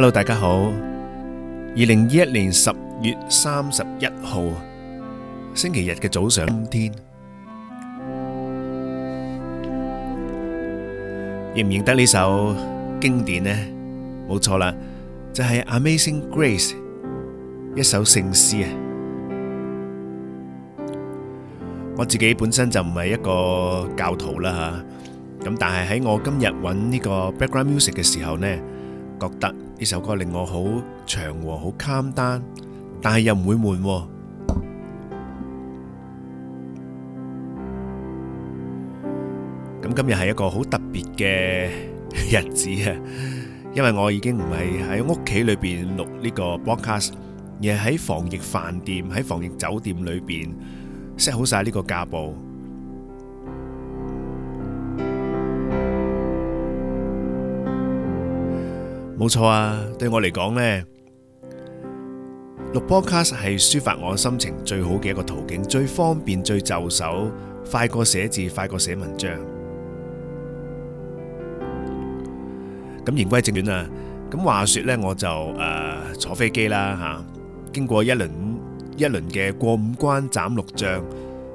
hello，大家好。二零二一年十月三十一號星期日嘅早上，今天認唔認得呢首經典呢？冇錯啦，就係《Amazing Grace》一首聖詩啊。我自己本身就唔係一個教徒啦吓，咁但係喺我今日揾呢個 Background Music 嘅時候呢。覺得呢首歌令我好祥和，好 calm down，但係又唔會悶。咁今日係一個好特別嘅日子啊，因為我已經唔係喺屋企裏邊錄呢個 broadcast，而係喺防疫飯店喺防疫酒店裏邊 set 好晒呢個架步。冇錯啊，對我嚟講呢，錄 podcast 係抒發我心情最好嘅一個途徑，最方便、最就手，快過寫字，快過寫文章。咁言歸正傳啊，咁話說呢，我就誒、呃、坐飛機啦吓，經過一輪一輪嘅過五關斬六將，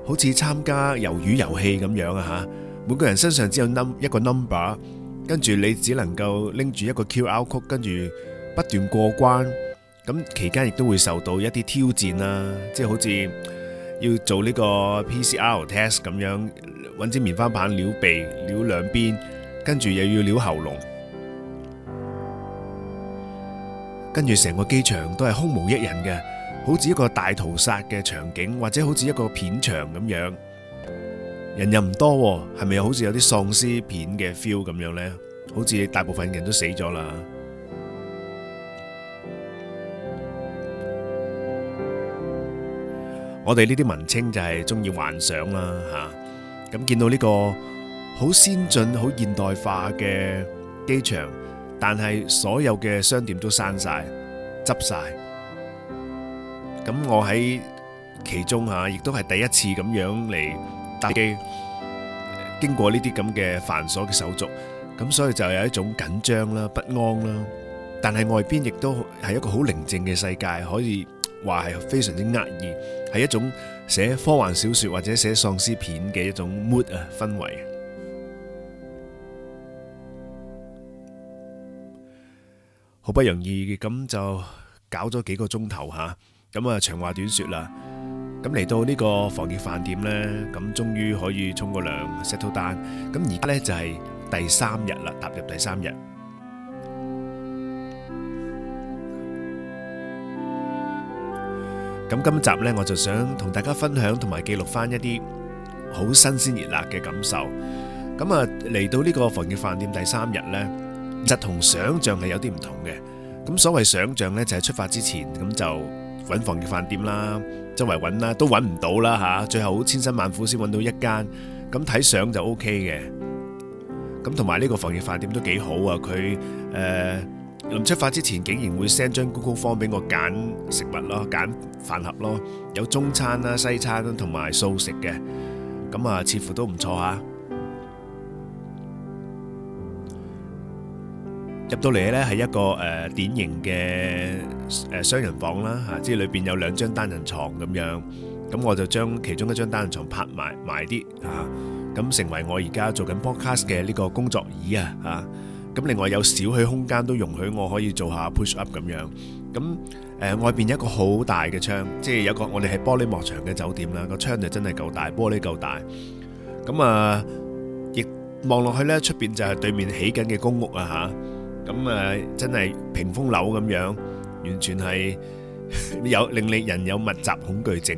好似參加魷魚遊戲咁樣啊吓，每個人身上只有 number 一個 number。跟住你只能夠拎住一個 QR Code，跟住不斷過關。咁期間亦都會受到一啲挑戰啦，即係好似要做呢個 PCR test 咁樣，揾支棉花棒撩鼻、撩兩邊，跟住又要撩喉嚨。跟住成個機場都係空無一人嘅，好似一個大屠殺嘅場景，或者好似一個片場咁樣。人又唔多，係咪好似有啲喪屍片嘅 feel 咁樣呢？好似大部分人都死咗啦！我哋呢啲文青就係中意幻想啦，嚇！咁見到呢個好先進、好現代化嘅機場，但係所有嘅商店都閂曬、執曬。咁我喺其中嚇，亦都係第一次咁樣嚟。但係經過呢啲咁嘅繁瑣嘅手續，咁所以就有一種緊張啦、不安啦。但係外邊亦都係一個好寧靜嘅世界，可以話係非常之壓抑，係一種寫科幻小說或者寫喪屍片嘅一種 mood 啊、氛圍。好不容易咁就搞咗幾個鐘頭吓，咁啊長話短說啦。咁嚟到呢個防疫飯店呢，咁終於可以沖個涼 settle down。咁而家呢就係第三日啦，踏入第三日。咁今集呢，我就想同大家分享同埋記錄返一啲好新鮮熱辣嘅感受。咁啊，嚟到呢個防疫飯店第三日呢，就同想象係有啲唔同嘅。咁所謂想象呢，就係出發之前咁就揾防疫飯店啦。周圍揾啦，都揾唔到啦嚇，最後好千辛萬苦先揾到一間，咁睇相就 OK 嘅，咁同埋呢個防疫飯店都幾好啊，佢誒臨出發之前竟然會 send 張 Google Form 俾我揀食物咯，揀飯盒咯，有中餐啦、西餐啦，同埋素食嘅，咁啊似乎都唔錯啊。入到嚟呢，係一個誒典型嘅誒雙人房啦，嚇，即係裏邊有兩張單人牀咁樣。咁我就將其中一張單人牀拍埋埋啲嚇，咁成為我而家做緊 podcast 嘅呢個工作椅啊，嚇。咁另外有少許空間都容許我可以做下 push up 咁樣。咁誒外邊一個好大嘅窗，即係有個我哋係玻璃幕牆嘅酒店啦，個窗就真係夠大，玻璃夠大。咁啊，亦望落去呢，出邊就係對面起緊嘅公屋啊，嚇。咁啊，真係屏風樓咁樣，完全係有令你人有密集恐懼症。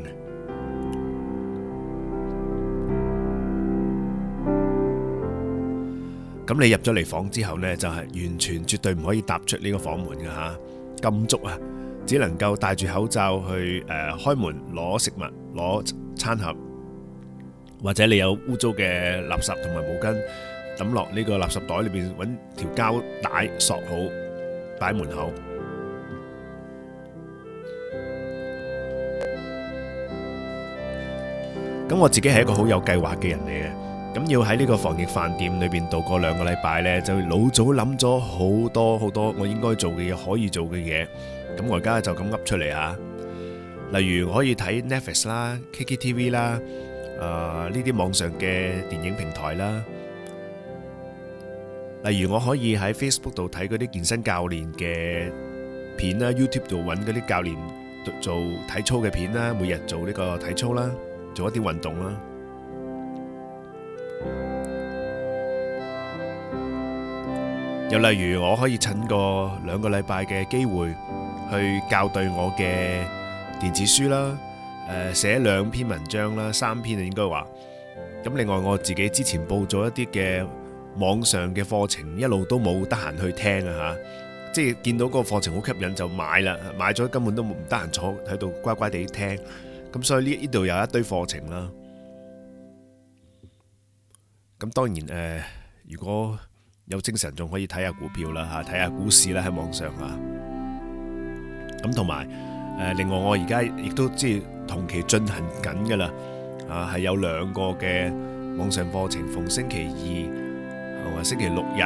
咁你入咗嚟房之後呢，就係完全絕對唔可以踏出呢個房門嘅，吓，禁足啊！只能夠戴住口罩去誒開門攞食物、攞餐盒，或者你有污糟嘅垃圾同埋毛巾。抌落呢個垃圾袋裏邊，揾條膠帶索好，擺門口。咁我自己係一個好有計劃嘅人嚟嘅，咁要喺呢個防疫飯店裏邊度過兩個禮拜咧，就老早諗咗好多好多我應該做嘅嘢，可以做嘅嘢。咁我而家就咁噏出嚟嚇。例如可以睇 Netflix 啦、KKTV 啦、誒呢啲網上嘅電影平台啦。例如我可以喺 Facebook 度睇嗰啲健身教練嘅片啦，YouTube 度揾嗰啲教練做體操嘅片啦，每日做呢個體操啦，做一啲運動啦。又例如我可以趁個兩個禮拜嘅機會去校對我嘅電子書啦，誒、呃、寫兩篇文章啦，三篇啊應該話。咁另外我自己之前報咗一啲嘅。網上嘅課程一路都冇得閒去聽啊，嚇！即係見到個課程好吸引就買啦，買咗根本都唔得閒坐喺度乖乖地聽。咁所以呢呢度有一堆課程啦。咁當然誒，如果有精神仲可以睇下股票啦，嚇，睇下股市啦喺網上啊。咁同埋誒，另外我而家亦都即係同期進行緊㗎啦啊，係有兩個嘅網上課程，逢星期二。同埋星期六日，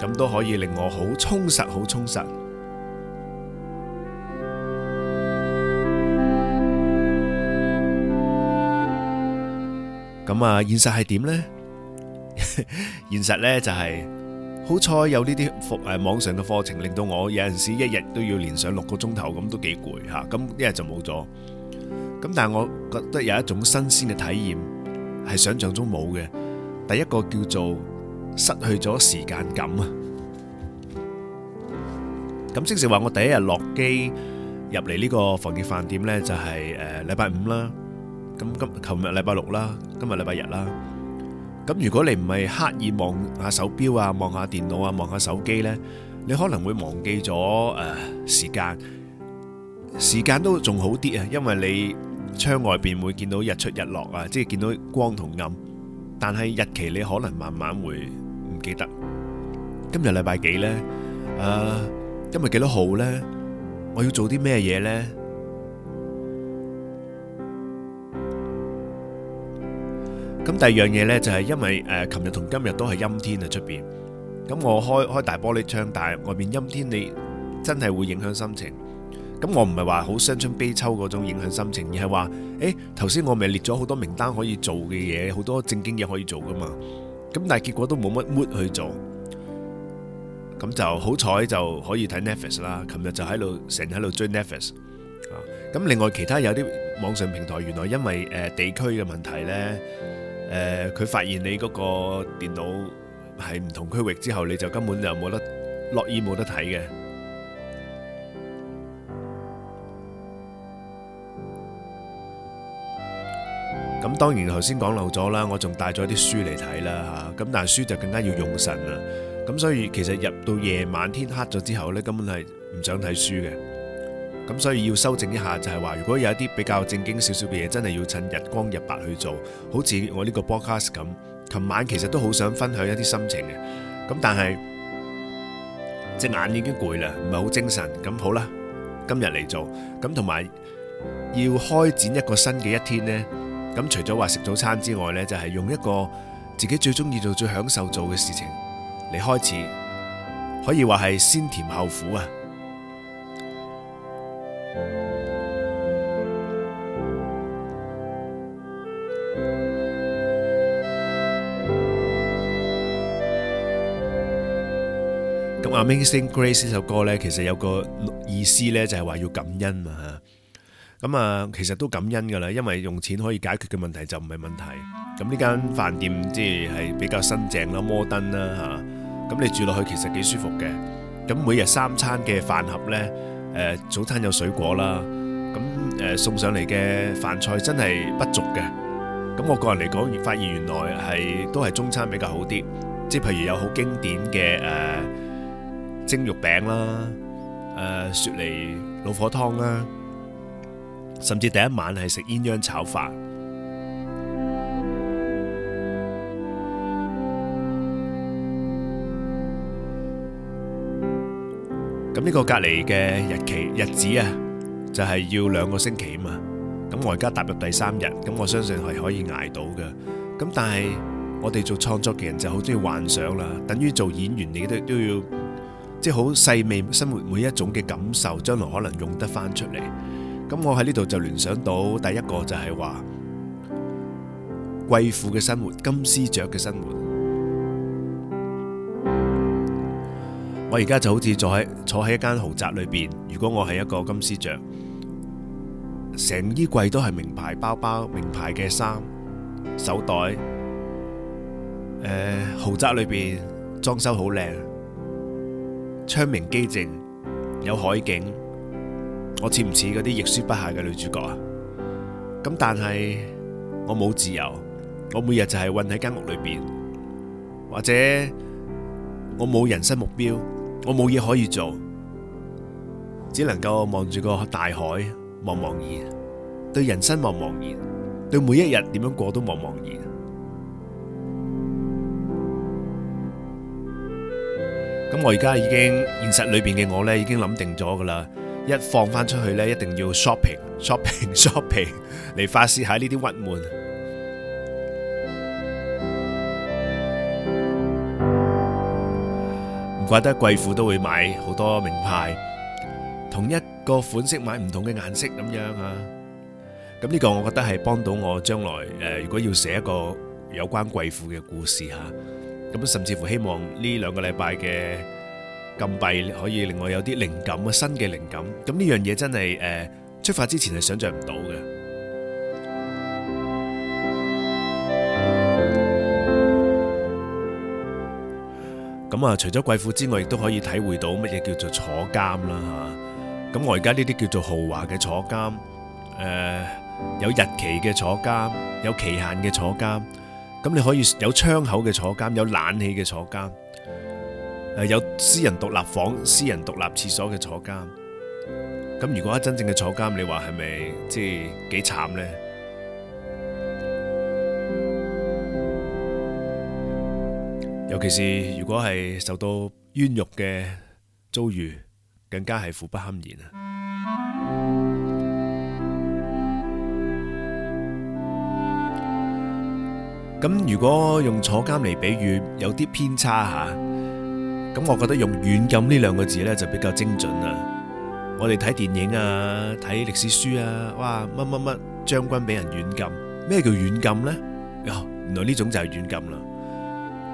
咁都可以令我好充實，好充實。咁啊，現實係點呢？現實呢就係好彩有呢啲誒網上嘅課程，令到我有陣時一日都要連上六個鐘頭，咁都幾攰吓。咁一日就冇咗。咁但係我覺得有一種新鮮嘅體驗係想象中冇嘅，第一個叫做。失去咗時間感啊！咁即係話，我第一日落機入嚟呢個防疫飯店呢，就係誒禮拜五啦。咁今琴日禮拜六啦，今日禮拜日啦。咁如果你唔係刻意望下手錶啊、望下電腦啊、望下手機呢，你可能會忘記咗誒、呃、時間。時間都仲好啲啊，因為你窗外邊會見到日出日落啊，即、就、係、是、見到光同暗。但係日期你可能慢慢會。唔記得今日禮拜幾呢？誒，今日幾多號呢？我要做啲咩嘢呢？咁第二樣嘢呢，就係因為誒，琴日同今日都係陰天啊，出邊咁我開開大玻璃窗，但係外面陰天，你真係會影響心情。咁我唔係話好傷春悲秋嗰種影響心情，而係話誒，頭先我咪列咗好多名單可以做嘅嘢，好多正經嘢可以做㗎嘛。咁但係結果都冇乜 mood 去做，咁就好彩就可以睇 Netflix 啦。琴日就喺度成日喺度追 Netflix 啊！咁另外其他有啲網上平台，原來因為誒地區嘅問題呢，誒佢發現你嗰個電腦係唔同區域之後，你就根本就冇得落意冇得睇嘅。當然頭先講漏咗啦，我仲帶咗啲書嚟睇啦嚇，咁但係書就更加要用神啦。咁所以其實入到夜晚天黑咗之後呢，根本係唔想睇書嘅。咁所以要修正一下，就係話如果有一啲比較正經少少嘅嘢，真係要趁日光日白去做，好似我呢個 broadcast 咁。琴晚其實都好想分享一啲心情嘅，咁但係隻眼已經攰啦，唔係好精神。咁好啦，今日嚟做咁同埋要開展一個新嘅一天呢。咁除咗話食早餐之外咧，就係用一個自己最中意做、最享受做嘅事情嚟開始，可以話係先甜後苦啊！咁啊，Amazing Grace 呢首歌咧，其實有個意思咧，就係話要感恩啊。咁啊，其實都感恩㗎啦，因為用錢可以解決嘅問題就唔係問題。咁呢間飯店即係比較新淨啦、摩登啦吓。咁你住落去其實幾舒服嘅。咁每日三餐嘅飯盒呢，誒早餐有水果啦。咁誒送上嚟嘅飯菜真係不俗嘅。咁我個人嚟講，發現原來係都係中餐比較好啲。即係譬如有好經典嘅誒蒸肉餅啦、誒雪梨老火湯啦。甚至第一晚係食鴛鴦炒飯。咁呢個隔離嘅日期日子啊，就係要兩個星期啊嘛。咁我而家踏入第三日，咁我相信係可以捱到嘅。咁但係我哋做創作嘅人就好中意幻想啦，等於做演員，你都都要即係好細微生活每一種嘅感受，將來可能用得翻出嚟。咁我喺呢度就聯想到第一個就係話貴婦嘅生活，金絲雀嘅生活。我而家就好似坐喺坐喺一間豪宅裏邊，如果我係一個金絲雀，成衣櫃都係名牌包包、名牌嘅衫、手袋。誒，豪宅裏邊裝修好靚，窗明幾淨，有海景。我似唔似嗰啲亦舒筆下嘅女主角啊？咁但係我冇自由，我每日就係困喺間屋裏邊，或者我冇人生目標，我冇嘢可以做，只能夠望住個大海，茫茫然，對人生茫茫然，對每一日點樣過都茫茫然。咁我而家已經現實裏邊嘅我呢已經諗定咗噶啦。一放翻出去呢，一定要 shopping，shopping，shopping 嚟發洩下呢啲鬱悶。唔怪得貴婦都會買好多名牌，同一個款式買唔同嘅顏色咁樣啊。咁呢個我覺得係幫到我將來誒，如果要寫一個有關貴婦嘅故事吓，咁甚至乎希望呢兩個禮拜嘅。禁閉可以令我有啲靈感啊，新嘅靈感。咁呢樣嘢真係誒出發之前係想像唔到嘅。咁啊，除咗貴婦之外，亦都可以體會到乜嘢叫做坐監啦嚇。咁我而家呢啲叫做豪華嘅坐監，誒有日期嘅坐監，有期限嘅坐監。咁你可以有窗口嘅坐監，有冷氣嘅坐監。有私人獨立房、私人獨立廁所嘅坐監，咁如果真正嘅坐監，你話係咪即係幾慘呢？尤其是如果係受到冤獄嘅遭遇，更加係苦不堪言啊！咁如果用坐監嚟比喻，有啲偏差吓。咁我覺得用軟禁呢兩個字咧，就比較精準啊！我哋睇電影啊，睇歷史書啊，哇，乜乜乜將軍俾人軟禁，咩叫軟禁咧？喲，原來呢種就係軟禁啦！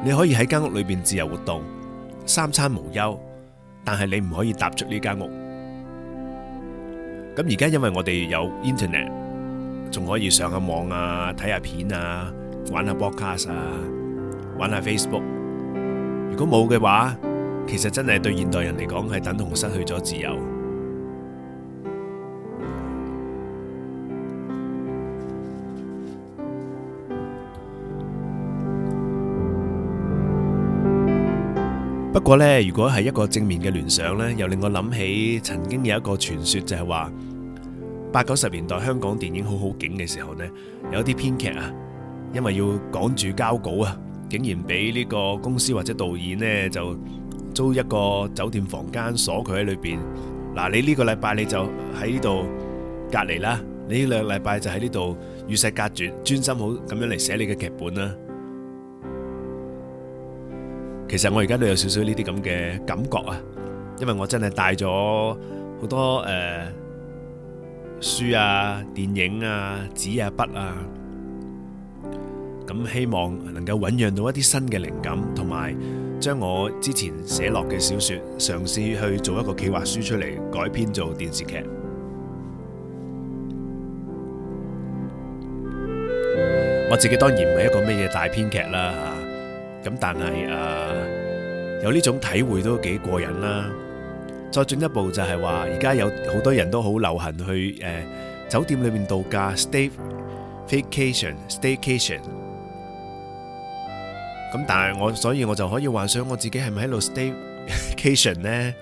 你可以喺間屋裏邊自由活動，三餐無憂，但係你唔可以踏出呢間屋。咁而家因為我哋有 Internet，仲可以上下網啊，睇下片啊，玩下 Podcast 啊，玩下 Facebook。如果冇嘅話，其實真係對現代人嚟講，係等同失去咗自由。不過呢，如果係一個正面嘅聯想呢，又令我諗起曾經有一個傳說，就係話八九十年代香港電影好好景嘅時候呢，有啲編劇啊，因為要趕住交稿啊，竟然俾呢個公司或者導演呢就。租一個酒店房間，鎖佢喺裏邊，嗱，你呢個禮拜你就喺呢度隔離啦，你呢兩個禮拜就喺呢度與世隔絕，專心好咁樣嚟，寫你嘅劇本啦。其實我而家都有少少呢啲咁嘅感覺啊，因為我真係帶咗好多誒書啊、電影啊、紙啊、筆啊。咁希望能夠醞釀到一啲新嘅靈感，同埋將我之前寫落嘅小説嘗試去做一個企劃書出嚟，改編做電視劇。我自己當然唔係一個咩嘢大編劇啦嚇，咁但係誒有呢種體會都幾過癮啦。再進一步就係話，而家有好多人都好流行去誒酒店裏面度假，stay vacation，staycation。咁但係我，所以我就可以幻想我自己係咪喺度 staycation 呢？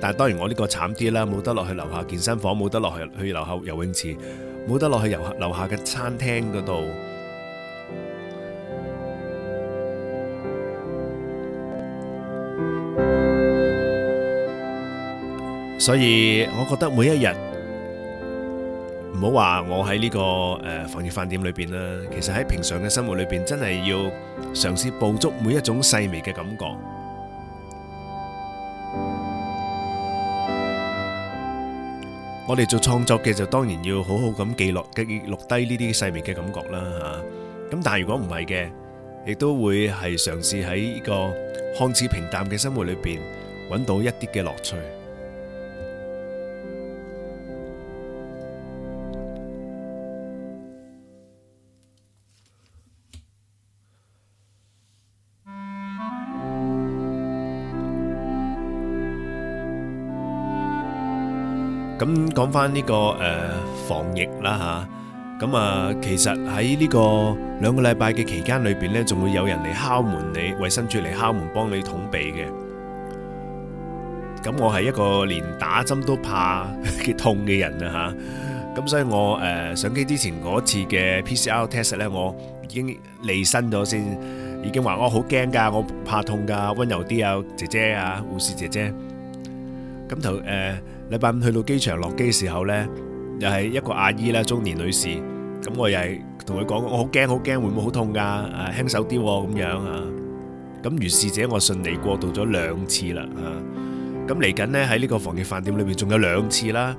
但係當然我呢個慘啲啦，冇得落去樓下健身房，冇得落去去樓下游泳池，冇得落去遊樓下嘅餐廳嗰度。所以，我覺得每一日。唔好話我喺呢個誒，防疫飯店裏邊啦，其實喺平常嘅生活裏邊，真係要嘗試捕捉每一種細微嘅感覺。我哋做創作嘅就當然要好好咁記錄，記錄低呢啲細微嘅感覺啦，吓。咁但係如果唔係嘅，亦都會係嘗試喺呢個看似平淡嘅生活裏邊，搵到一啲嘅樂趣。咁講翻呢個誒防疫啦吓，咁啊其實喺呢個兩個禮拜嘅期間裡邊咧，仲會有人嚟敲門，你衛生署嚟敲門幫你捅鼻嘅。咁我係一個連打針都怕嘅痛嘅人啊吓，咁所以我誒上機之前嗰次嘅 PCR test 咧，我已經離身咗先，已經話我好驚噶，我怕痛噶，溫柔啲啊，姐姐啊，護士姐姐，咁頭誒。禮拜五去到機場落機嘅時候呢，又係一個阿姨啦，中年女士，咁我又係同佢講，我好驚好驚會唔會好痛噶啊輕手啲咁樣啊，咁如是者我順利過渡咗兩次啦，啊，咁嚟緊呢喺呢個防疫飯店裡面仲有兩次啦，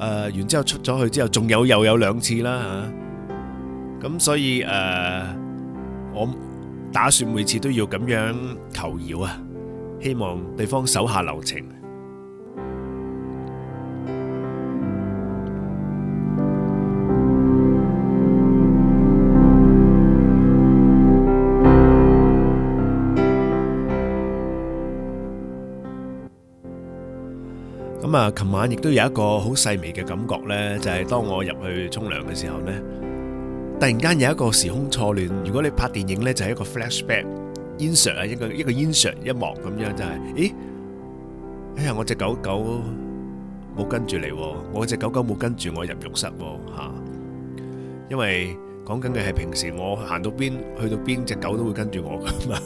誒，然之後出咗去之後仲有又有兩次啦吓，咁所以誒我打算每次都要咁樣求饒啊，希望對方手下留情。咁啊，琴晚亦都有一個好細微嘅感覺咧，就係當我入去沖涼嘅時候咧，突然間有一個時空錯亂。如果你拍電影咧，就係一個 flashback insert 啊，一個一個 insert 一幕咁樣就係，誒，哎呀，我隻狗狗冇跟住你，我隻狗狗冇跟住我入浴室喎吓，因為講緊嘅係平時我行到邊去到邊隻狗都會跟住我㗎嘛。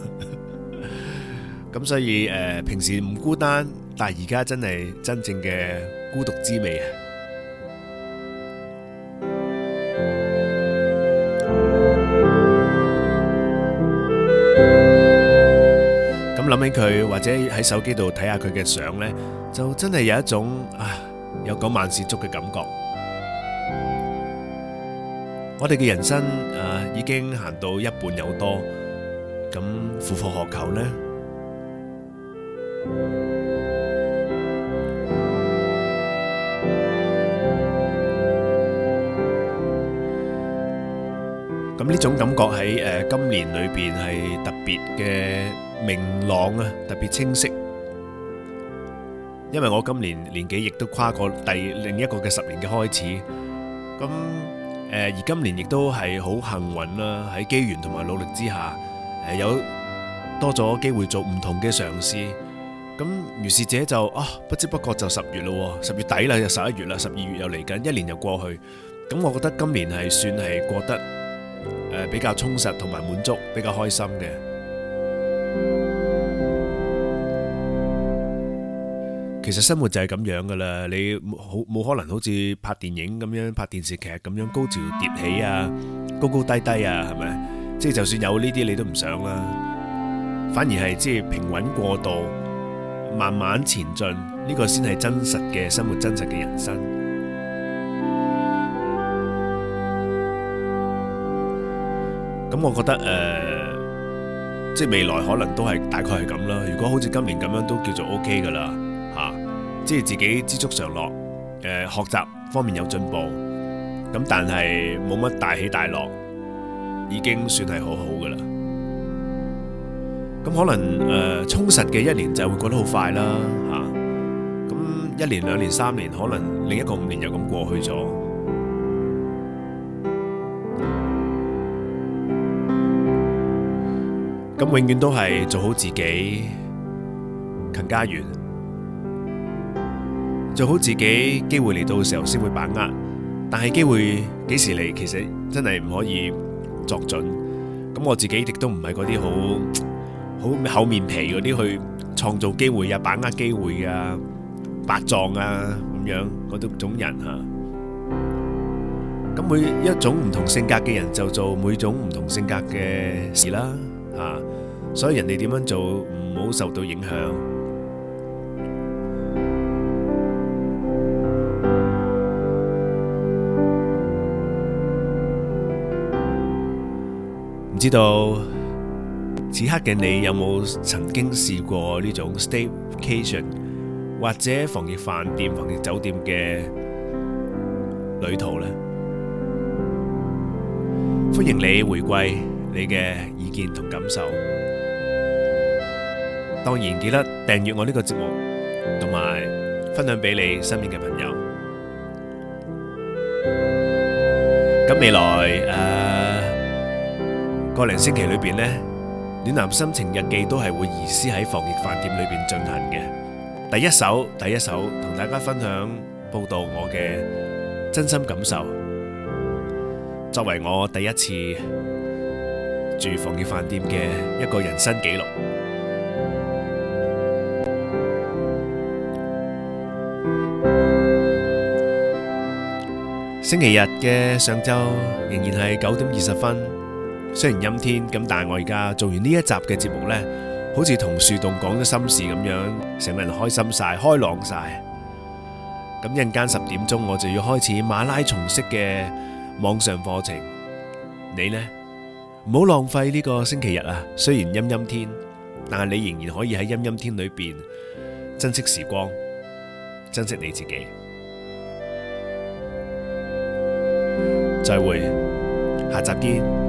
咁所以，誒，平時唔孤單，但係而家真係真正嘅孤獨滋味啊！咁諗起佢，或者喺手機度睇下佢嘅相呢，就真係有一種啊，有狗萬事足嘅感覺。我哋嘅人生啊，已經行到一半有多，咁夫復何求呢？咁呢種感覺喺誒今年裏邊係特別嘅明朗啊，特別清晰。因為我今年年紀亦都跨過第另一個嘅十年嘅開始。咁誒而今年亦都係好幸運啦，喺機緣同埋努力之下，誒有多咗機會做唔同嘅嘗試。咁如是者就啊，不知不覺就十月咯，十月底啦，又十一月啦，十二月又嚟緊，一年又過去。咁我覺得今年係算係過得誒比較充實同埋滿足，比較開心嘅。其實生活就係咁樣噶啦，你冇冇可能好似拍電影咁樣，拍電視劇咁樣高潮迭起啊，高高低低啊，係咪？即係就算有呢啲，你都唔想啦。反而係即係平穩過渡。慢慢前進，呢、這個先係真實嘅生活，真實嘅人生。咁我覺得誒、呃，即係未來可能都係大概係咁啦。如果好似今年咁樣都叫做 OK 噶啦，吓、啊，即係自己知足常樂，誒、呃，學習方面有進步，咁但係冇乜大起大落，已經算係好好噶啦。咁可能誒充實嘅一年就會過得好快啦嚇。咁一年、兩年、三年，可能另一個五年又咁過去咗。咁永遠都係做好自己，勤加完做好自己，機會嚟到嘅時候先會把握。但係機會幾時嚟，其實真係唔可以作準。咁我自己亦都唔係嗰啲好。好厚面皮嗰啲去創造機會啊，把握機會啊，白撞啊咁樣嗰種人吓。咁每一種唔同性格嘅人就做每種唔同性格嘅事啦，吓。所以人哋點樣做唔好受到影響。唔知道。此刻嘅你有冇曾經試過呢種 staycation 或者防疫飯店、防疫酒店嘅旅途呢？歡迎你回歸，你嘅意見同感受。當然記得訂閱我呢個節目，同埋分享俾你身邊嘅朋友。咁未來誒，個零星期裏邊呢？暖男心情日記都係會移師喺防疫飯店裏邊進行嘅。第一手，第一手，同大家分享報道我嘅真心感受，作為我第一次住防疫飯店嘅一個人生記錄。星期日嘅上晝，仍然係九點二十分。雖然陰天，咁但係我而家做完呢一集嘅節目呢，好似同樹洞講咗心事咁樣，成個人開心晒、開朗晒。咁陣間十點鐘我就要開始馬拉松式嘅網上課程。你呢？唔好浪費呢個星期日啊！雖然陰陰天，但係你仍然可以喺陰陰天裏邊珍惜時光，珍惜你自己。再會，下集見。